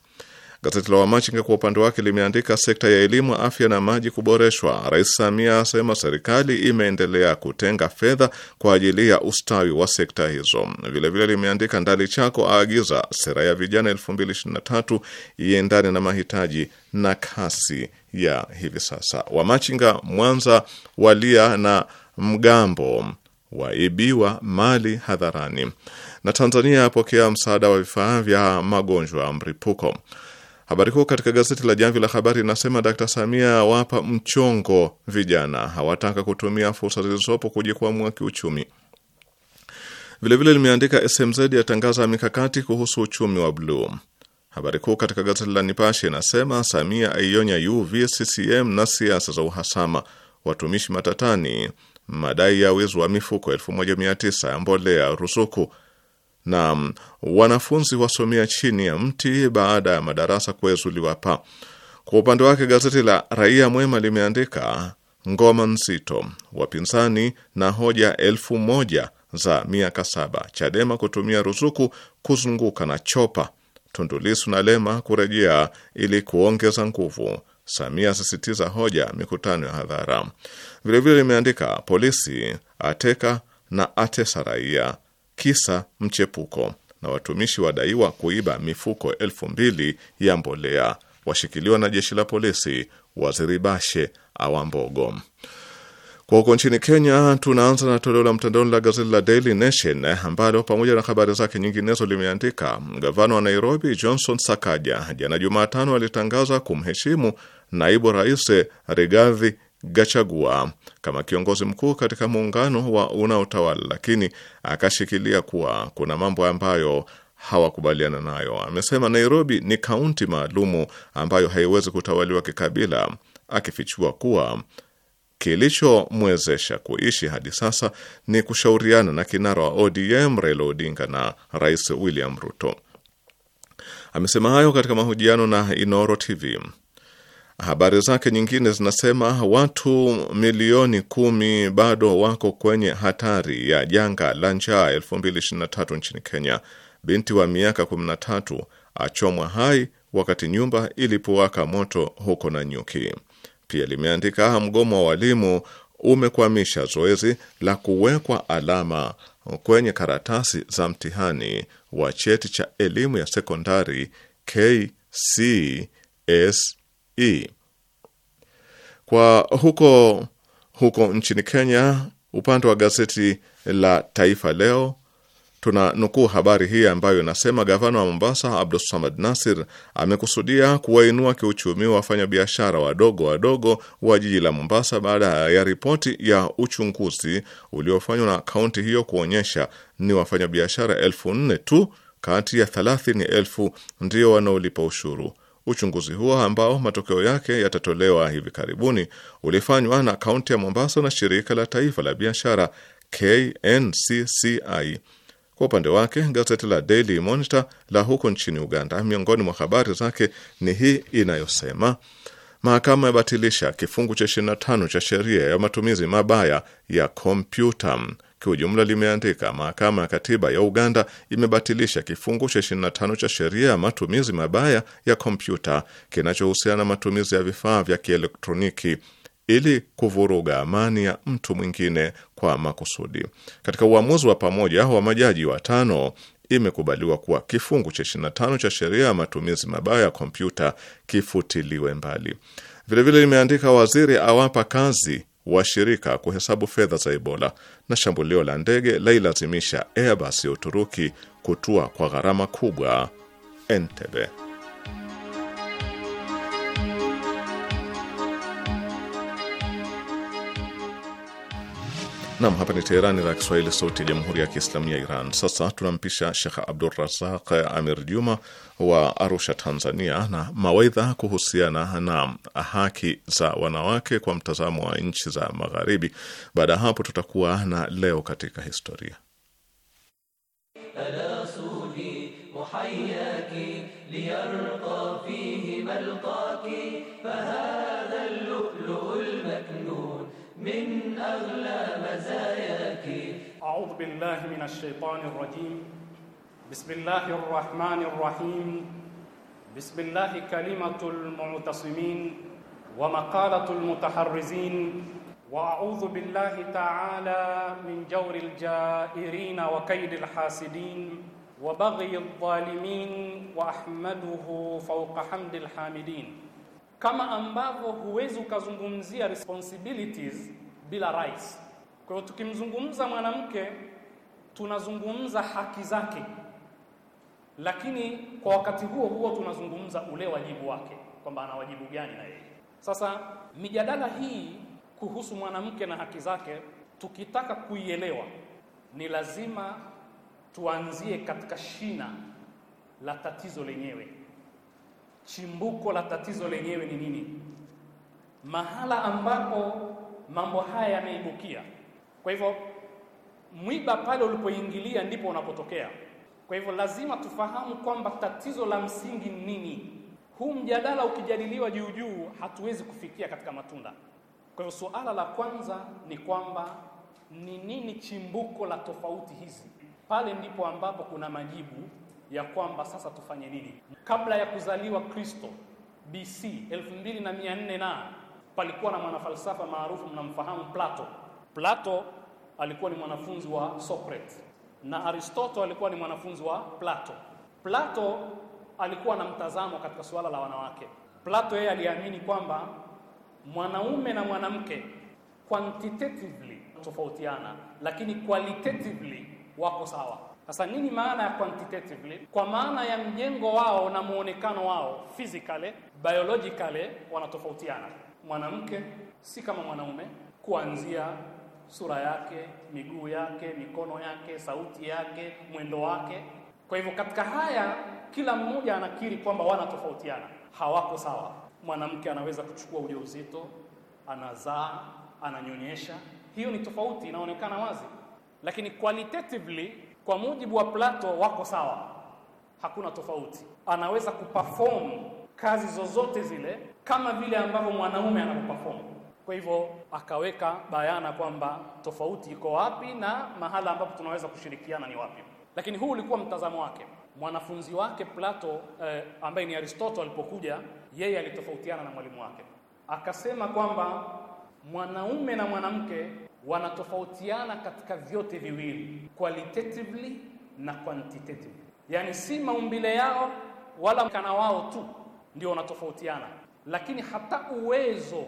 Gazeti la Wamachinga kwa upande wake limeandika sekta ya elimu, afya na maji kuboreshwa. Rais Samia asema serikali imeendelea kutenga fedha kwa ajili ya ustawi wa sekta hizo. Vilevile limeandika ndali chako aagiza sera ya vijana 2023 iendane na mahitaji na kasi ya hivi sasa. Wamachinga Mwanza walia na mgambo waibiwa mali hadharani, na Tanzania yapokea msaada wa vifaa vya magonjwa ya mripuko. Habari kuu katika gazeti la Jamvi la Habari inasema Dkt. Samia awapa mchongo vijana, hawataka kutumia fursa zilizopo kujikwamua kiuchumi. Vilevile limeandika SMZ yatangaza mikakati kuhusu uchumi wa bluu. Habari kuu katika gazeti la Nipashe inasema Samia aionya UV, CCM na siasa za uhasama, watumishi matatani, madai ya wizi wa mifuko 1900 ya mbolea ruzuku na wanafunzi wasomea chini ya mti baada ya madarasa kuezuliwa pa. Kwa upande wake gazeti la Raia Mwema limeandika ngoma nzito, wapinzani na hoja elfu moja za miaka saba, Chadema kutumia ruzuku kuzunguka na chopa, Tundulisu na Lema kurejea ili kuongeza nguvu, Samia asisitiza hoja mikutano ya hadhara. Vilevile limeandika polisi ateka na atesa raia kisa mchepuko, na watumishi wadaiwa kuiba mifuko elfu mbili ya mbolea, washikiliwa na jeshi la polisi, waziri Bashe awambogo. Kwa huko nchini Kenya, tunaanza na toleo la mtandaoni la gazeti la Daily Nation ambalo pamoja na habari zake nyinginezo limeandika gavana wa Nairobi Johnson Sakaja jana Jumatano alitangaza kumheshimu naibu rais Rigathi Gachagua kama kiongozi mkuu katika muungano wa unaotawala, lakini akashikilia kuwa kuna mambo ambayo hawakubaliana nayo. Amesema Nairobi ni kaunti maalumu ambayo haiwezi kutawaliwa kikabila, akifichua kuwa kilichomwezesha kuishi hadi sasa ni kushauriana na kinara wa ODM Raila Odinga na Rais William Ruto. Amesema hayo katika mahojiano na Inoro TV. Habari zake nyingine zinasema watu milioni kumi bado wako kwenye hatari ya janga la njaa 2023 nchini Kenya. Binti wa miaka 13 achomwa hai wakati nyumba ilipowaka moto huko na nyuki Pia limeandika mgomo wa walimu umekwamisha zoezi la kuwekwa alama kwenye karatasi za mtihani wa cheti cha elimu ya sekondari KCSE E. Kwa huko huko nchini Kenya, upande wa gazeti la Taifa Leo tuna nukuu habari hii ambayo inasema gavana wa Mombasa Abdulsamad Nasir amekusudia kuwainua kiuchumi wafanyabiashara wadogo wadogo wa jiji la Mombasa baada ya ripoti ya uchunguzi uliofanywa na kaunti hiyo kuonyesha ni wafanyabiashara elfu nne tu kati ya thelathini elfu ndio wanaolipa ushuru. Uchunguzi huo ambao matokeo yake yatatolewa hivi karibuni ulifanywa na kaunti ya Mombasa na shirika la taifa la biashara KNCCI. Kwa upande wake gazeti la Daily Monitor la huko nchini Uganda, miongoni mwa habari zake ni hii inayosema mahakama yabatilisha kifungu cha 25 cha sheria ya matumizi mabaya ya kompyuta. Kiujumla limeandika mahakama ya katiba ya Uganda imebatilisha kifungu cha 25 cha sheria ya matumizi mabaya ya kompyuta kinachohusiana na matumizi ya vifaa vya kielektroniki ili kuvuruga amani ya mtu mwingine kwa makusudi. Katika uamuzi wa pamoja wa majaji watano imekubaliwa kuwa kifungu cha 25 cha sheria ya matumizi mabaya ya kompyuta kifutiliwe mbali. Vilevile limeandika waziri awapa kazi washirika kuhesabu fedha za Ebola na shambulio la ndege lailazimisha Airbus ya Uturuki kutua kwa gharama kubwa Entebbe. Nam, hapa ni Teherani, idhaa Kiswahili, sauti ya jamhuri ya kiislamu ya Iran. Sasa tunampisha Shekh Abdurazaq Amir Juma wa Arusha, Tanzania, na mawaidha kuhusiana na haki za wanawake kwa mtazamo wa nchi za Magharibi. Baada ya hapo, tutakuwa na leo katika historia. أعوذ بالله من الشيطان الرجيم بسم الله الرحمن الرحيم بسم الله كلمة المعتصمين ومقالة المتحرزين وأعوذ بالله تعالى من جور الجائرين وكيد الحاسدين وبغي الظالمين وأحمده فوق حمد الحامدين كما ambavyo huwezi ukazungumzia responsibilities بلا rights Kwa hiyo tukimzungumza mwanamke tunazungumza haki zake, lakini kwa wakati huo huo tunazungumza ule wajibu wake, kwamba ana wajibu gani na yeye. Sasa mijadala hii kuhusu mwanamke na haki zake, tukitaka kuielewa, ni lazima tuanzie katika shina la tatizo lenyewe. Chimbuko la tatizo lenyewe ni nini? Mahala ambapo mambo haya yameibukia kwa hivyo mwiba pale ulipoingilia ndipo unapotokea. Kwa hivyo lazima tufahamu kwamba tatizo la msingi ni nini. Huu mjadala ukijadiliwa juu juu, hatuwezi kufikia katika matunda. Kwa hivyo suala la kwanza ni kwamba ni nini chimbuko la tofauti hizi? Pale ndipo ambapo kuna majibu ya kwamba sasa tufanye nini. Kabla ya kuzaliwa Kristo BC 2400 na palikuwa na mwanafalsafa maarufu mnamfahamu Plato Plato alikuwa ni mwanafunzi wa Socrates na Aristotle alikuwa ni mwanafunzi wa Plato. Plato alikuwa na mtazamo katika suala la wanawake. Plato yeye aliamini kwamba mwanaume na mwanamke quantitatively tofautiana, lakini qualitatively wako sawa. Sasa nini maana ya quantitatively? Kwa maana ya mjengo wao na muonekano wao, physically biologically wanatofautiana. Mwanamke si kama mwanaume kuanzia sura yake, miguu yake, mikono yake, sauti yake, mwendo wake. Kwa hivyo katika haya kila mmoja anakiri kwamba wanatofautiana, hawako sawa. Mwanamke anaweza kuchukua ujauzito, anazaa, ananyonyesha, hiyo ni tofauti, inaonekana wazi, lakini qualitatively, kwa mujibu wa Plato, wako sawa, hakuna tofauti. Anaweza kuperform kazi zozote zile kama vile ambavyo mwanaume anapoperform. Kwa hivyo akaweka bayana kwamba tofauti iko wapi na mahala ambapo tunaweza kushirikiana ni wapi. Lakini huu ulikuwa mtazamo wake. Mwanafunzi wake Plato eh, ambaye ni Aristotle alipokuja, yeye alitofautiana na mwalimu wake, akasema kwamba mwanaume na mwanamke wanatofautiana katika vyote viwili, qualitatively na quantitatively, yaani si maumbile yao wala kana wao tu ndio wanatofautiana, lakini hata uwezo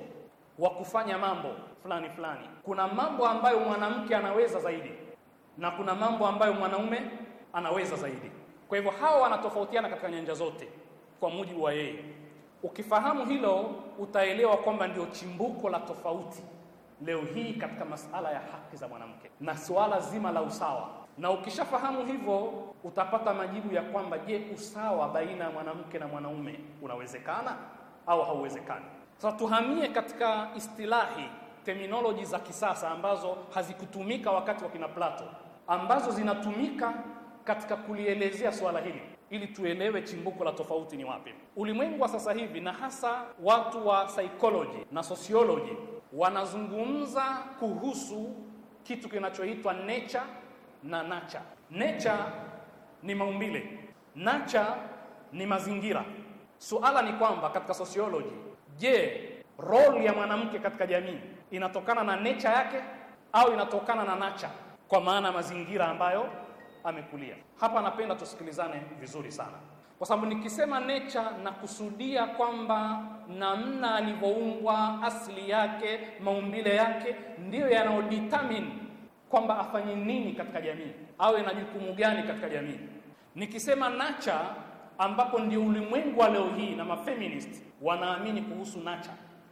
wa kufanya mambo fulani fulani. Kuna mambo ambayo mwanamke anaweza zaidi na kuna mambo ambayo mwanaume anaweza zaidi. Kwa hivyo hawa wanatofautiana katika nyanja zote kwa mujibu wa yeye. Ukifahamu hilo, utaelewa kwamba ndio chimbuko la tofauti leo hii katika masala ya haki za mwanamke na suala zima la usawa. Na ukishafahamu hivyo, utapata majibu ya kwamba je, usawa baina ya mwanamke na mwanaume unawezekana au hauwezekani? Sasa tuhamie katika istilahi terminology za kisasa ambazo hazikutumika wakati wa kina Plato, ambazo zinatumika katika kulielezea swala hili ili tuelewe chimbuko la tofauti ni wapi. Ulimwengu wa sasa hivi na hasa watu wa psychology na sociology wanazungumza kuhusu kitu kinachoitwa nature na nacha Nature ni maumbile, nacha ni mazingira. Suala ni kwamba katika sociology Je, role ya mwanamke katika jamii inatokana na nature yake au inatokana na nacha, kwa maana ya mazingira ambayo amekulia? Hapa napenda tusikilizane vizuri sana, kwa sababu nikisema nature nakusudia kwamba namna alivyoumbwa, asili yake, maumbile yake ndiyo yanayodetermine kwamba afanye nini katika jamii, awe na jukumu gani katika jamii. Nikisema nature ambapo ndio ulimwengu wa leo hii na mafeminist wanaamini kuhusu nacha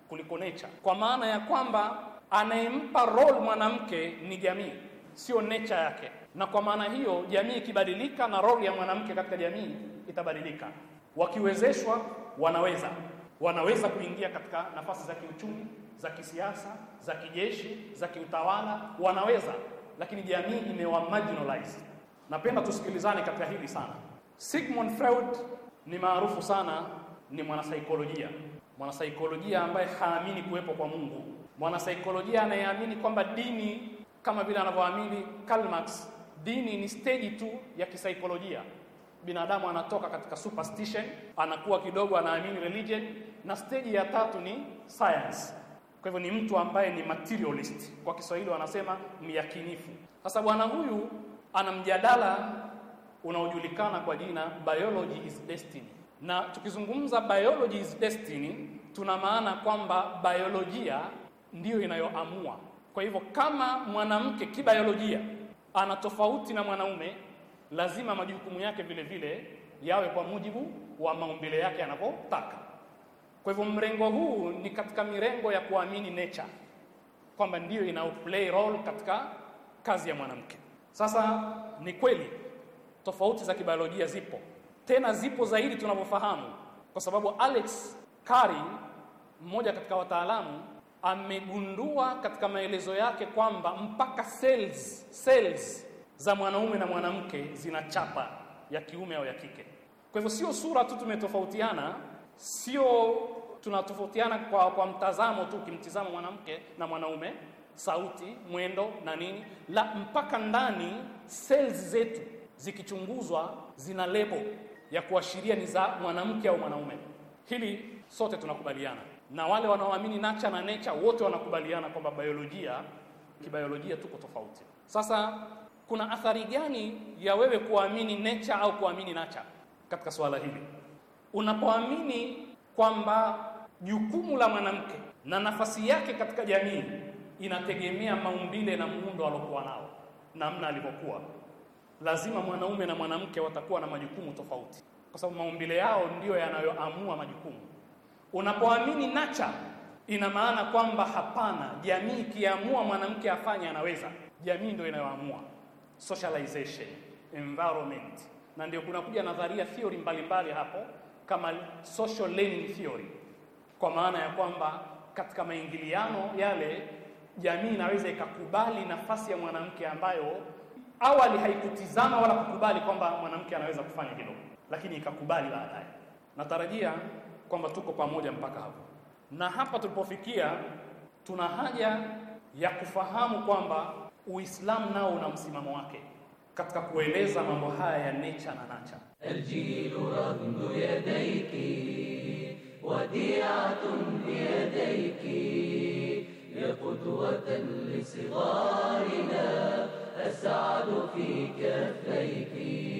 kuliko necha, kwa maana ya kwamba anayempa role mwanamke ni jamii, sio necha yake. Na kwa maana hiyo jamii ikibadilika, na role ya mwanamke katika jamii itabadilika. Wakiwezeshwa wanaweza wanaweza kuingia katika nafasi za kiuchumi, za kisiasa, za kijeshi, za kiutawala, wanaweza, lakini jamii imewa marginalize. Napenda tusikilizane katika hili sana. Sigmund Freud ni maarufu sana, ni mwanasaikolojia, mwanasaikolojia ambaye haamini kuwepo kwa Mungu, mwanasaikolojia anayeamini kwamba dini kama vile anavyoamini Karl Marx, dini ni stage tu ya kisaikolojia. Binadamu anatoka katika superstition, anakuwa kidogo anaamini religion, na stage ya tatu ni science. Kwa hivyo ni mtu ambaye ni materialist, kwa Kiswahili wanasema myakinifu. Sasa bwana huyu ana mjadala unaojulikana kwa jina biology is destiny. Na tukizungumza biology is destiny, tuna maana kwamba biolojia ndiyo inayoamua. Kwa hivyo kama mwanamke kibiolojia ana tofauti na mwanaume, lazima majukumu yake vile vile yawe kwa mujibu wa maumbile yake anavyotaka. Kwa hivyo mrengo huu ni katika mirengo ya kuamini nature kwamba ndiyo play role katika kazi ya mwanamke. Sasa ni kweli tofauti za kibiolojia zipo tena zipo zaidi tunavyofahamu kwa sababu Alex Kari mmoja katika wataalamu amegundua katika maelezo yake kwamba mpaka cells cells za mwanaume na mwanamke zina chapa ya kiume au ya kike. Kwa hivyo sio sura tu tumetofautiana, sio tunatofautiana kwa, kwa mtazamo tu, ukimtizama mwanamke na mwanaume, sauti, mwendo na nini, la mpaka ndani cells zetu zikichunguzwa zina lebo ya kuashiria ni za mwanamke au mwanaume. Hili sote tunakubaliana, na wale wanaoamini nature na nature wote wanakubaliana kwamba biolojia, kibiolojia tuko tofauti. Sasa kuna athari gani ya wewe kuamini nature au kuamini nature katika suala hili? Unapoamini kwamba jukumu la mwanamke na nafasi yake katika jamii inategemea maumbile na muundo alokuwa nao, namna alivyokuwa lazima mwanaume na mwanamke watakuwa na majukumu tofauti, kwa sababu maumbile yao ndiyo yanayoamua majukumu. Unapoamini nacha, ina maana kwamba hapana, jamii ikiamua mwanamke afanye anaweza. Jamii ndio inayoamua socialization, environment, na ndio kunakuja nadharia theory mbalimbali hapo kama social learning theory, kwa maana ya kwamba katika maingiliano yale jamii inaweza ikakubali nafasi ya mwanamke ambayo awali haikutizama wala kukubali kwamba mwanamke anaweza kufanya hilo, lakini ikakubali baadaye. Natarajia kwamba tuko pamoja mpaka hapo, na hapa tulipofikia, tuna haja ya kufahamu kwamba Uislamu nao una msimamo wake katika kueleza mambo haya ya necha na nacha. Aljilu yadaiki wadiatun ya qudwatan lisigharina أسعد في كفيك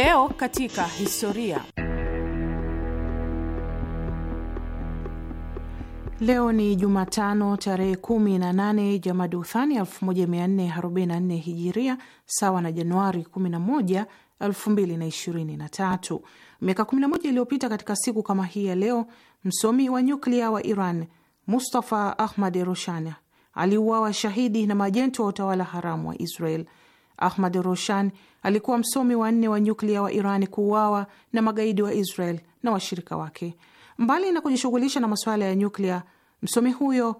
Leo katika historia. Leo ni Jumatano tarehe 18 Jamaduthani 1444 Hijiria, sawa na Januari 11, 2023. Miaka 11 iliyopita katika siku kama hii ya leo, msomi wa nyuklia wa Iran Mustafa Ahmad Roshan aliuawa shahidi na majento wa utawala haramu wa Israel. Ahmad Roshan alikuwa msomi wa nne wa nyuklia wa Iran kuuawa na magaidi wa Israel na washirika wake. Mbali na kujishughulisha na masuala ya nyuklia, msomi huyo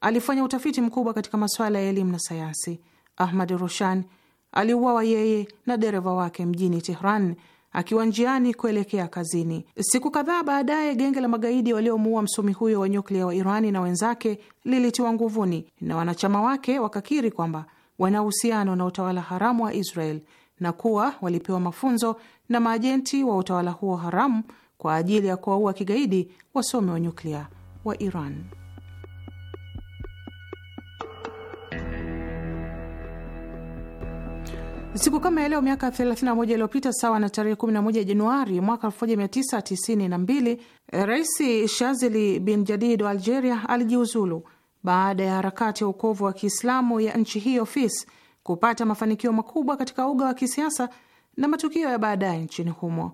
alifanya utafiti mkubwa katika masuala ya elimu na sayansi. Ahmad Roshan aliuawa yeye na dereva wake mjini Tehran akiwa njiani kuelekea kazini. Siku kadhaa baadaye, genge la magaidi waliomuua msomi huyo wa nyuklia wa Irani na wenzake lilitiwa nguvuni na wanachama wake wakakiri kwamba wana uhusiano na utawala haramu wa Israel na kuwa walipewa mafunzo na maajenti wa utawala huo haramu kwa ajili ya kuwaua kigaidi wasomi wa nyuklia wa Iran. Siku kama ya leo miaka 31 iliyopita, sawa na tarehe 11 Januari mwaka 1992, Rais Shazili bin Jadid wa Algeria alijiuzulu baada ya harakati ya ukovu wa Kiislamu ya nchi hiyo FIS kupata mafanikio makubwa katika uga wa kisiasa na matukio ya baadaye nchini humo.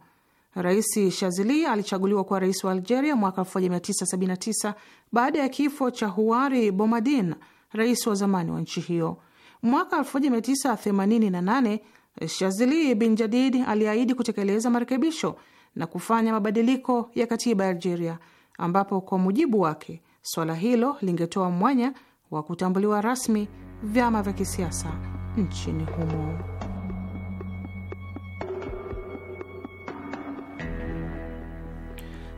Rais Shazili alichaguliwa kuwa rais wa Algeria mwaka 1979 baada ya kifo cha Huari Bomadin, rais wa zamani wa nchi hiyo. Mwaka 1988 Shazili bin Jadid aliahidi kutekeleza marekebisho na kufanya mabadiliko ya katiba ya Algeria, ambapo kwa mujibu wake swala hilo lingetoa mwanya wa kutambuliwa rasmi vyama vya kisiasa nchini humo.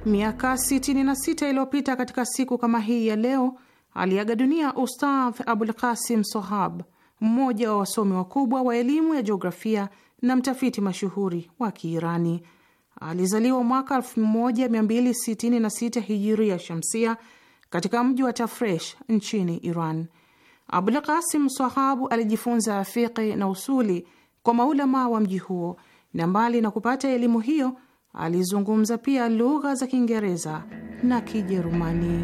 Miaka 66 iliyopita katika siku kama hii ya leo aliaga dunia Ustadh Abul Qasim Sohab, mmoja wa wasomi wakubwa wa elimu ya jiografia na mtafiti mashuhuri wa Kiirani. Alizaliwa mwaka 1266 hijiria shamsia katika mji wa Tafresh nchini Iran. Abul Qasim Sohab alijifunza fiqhi na usuli kwa maulama wa mji huo, na mbali na kupata elimu hiyo Alizungumza pia lugha za Kiingereza na Kijerumani.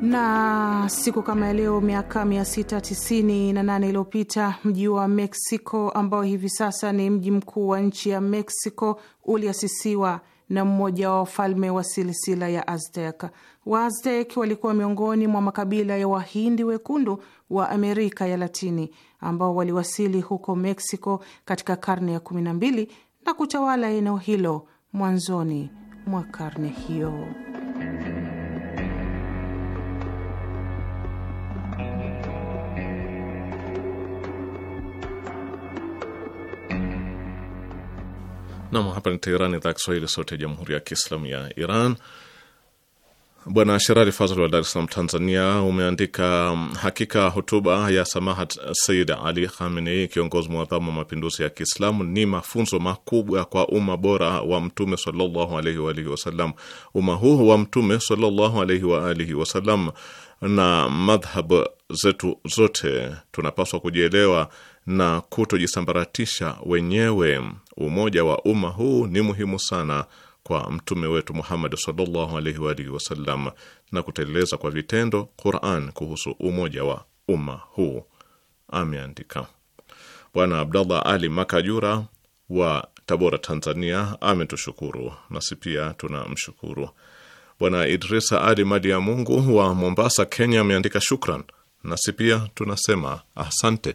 Na siku kama leo miaka 698 iliyopita mji wa Mexico ambao hivi sasa ni mji mkuu wa nchi ya Mexico uliasisiwa na mmoja wa wafalme wa silsila ya wa Waaztek walikuwa miongoni mwa makabila ya Wahindi wekundu wa Amerika ya Latini ambao waliwasili huko Mexico katika karne ya 12 na kutawala eneo hilo mwanzoni mwa karne hiyo. Nam, hapa ni Teherani, idhaa Kiswahili, sauti ya jamhuri ya kiislamu ya Iran. Bwana Sherari Fazl wa Dar es Salaam, Tanzania, umeandika mm, hakika hotuba ya Samahat Said Ali Khamenei, kiongozi mwadhamu wa mapinduzi ya Kiislamu, ni mafunzo makubwa kwa umma bora wa Mtume sallallahu alaihi wa alihi wasallam. Umma huu wa Mtume sallallahu alaihi wa alihi wasallam na madhhab zetu zote tunapaswa kujielewa na kutojisambaratisha wenyewe. Umoja wa umma huu ni muhimu sana kwa mtume wetu Muhammad sallallahu alaihi wa alihi wasallam na kuteleza kwa vitendo Quran kuhusu umoja wa umma huu, ameandika Bwana Abdallah Ali Makajura wa Tabora, Tanzania, ametushukuru. Nasi pia tunamshukuru. Bwana Idrisa Ali Madi ya Mungu wa Mombasa, Kenya, ameandika shukran. Nasi pia tunasema asante.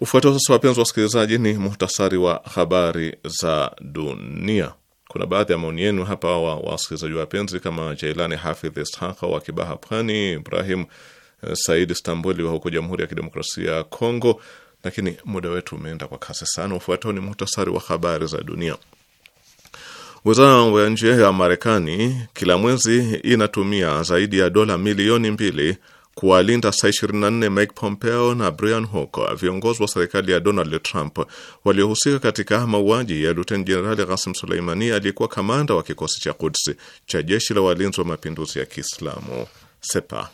Ufuatao sasa, wapenzi wasikilizaji, ni muhtasari wa habari za dunia. Kuna baadhi ya maoni yenu hapa wa wasikilizaji wapenzi, kama Jailani Hafidh Ishaqa wa Kibaha, Pwani, Ibrahim eh, Said Stambuli wa huko Jamhuri ya Kidemokrasia ya Kongo, lakini muda wetu umeenda kwa kasi sana. Ufuatao ni muhtasari wa habari za dunia. Wizara ya mambo ya nje ya Marekani kila mwezi inatumia zaidi ya dola milioni mbili kuwalinda saa 24 Mike Pompeo na Brian Hook, viongozi wa serikali ya Donald Trump waliohusika katika mauaji ya Luteni Jenerali Qasim Suleimani aliyekuwa kamanda wa kikosi cha kudsi cha jeshi la walinzi wa mapinduzi ya Kiislamu Sepa.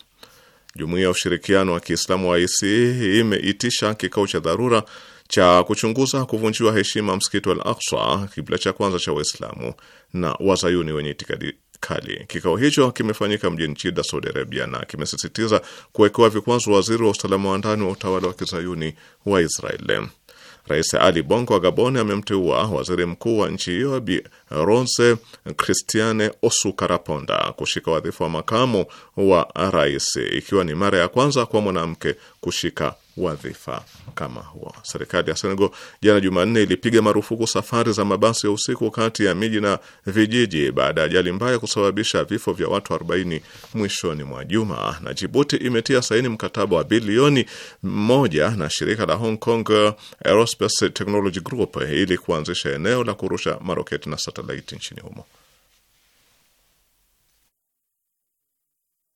Jumuiya ya ushirikiano wa Kiislamu wa IC e imeitisha kikao cha dharura cha kuchunguza kuvunjiwa heshima msikiti wa Al-Aqsa, kibla cha kwanza cha Waislamu na wazayuni wenye itikadi kali. Kikao hicho kimefanyika mjini Jida, Saudi Arabia, na kimesisitiza kuwekewa vikwazo waziri wa usalama wa ndani wa utawala wa kizayuni wa Israeli. Rais Ali Bongo wa Gabon amemteua waziri mkuu wa nchi hiyo Bi Rose Christiane Osu Karaponda kushika wadhifa wa makamu wa rais, ikiwa ni mara ya kwanza kwa mwanamke kushika wadhifa kama huo. Serikali ya Senegal jana Jumanne ilipiga marufuku safari za mabasi ya usiku kati ya miji na vijiji baada ya ajali mbaya kusababisha vifo vya watu 40 mwishoni mwa juma. Na Jibuti imetia saini mkataba wa bilioni moja na shirika la Hong Kong Aerospace Technology Group ili kuanzisha eneo la kurusha maroketi na satelaiti nchini humo.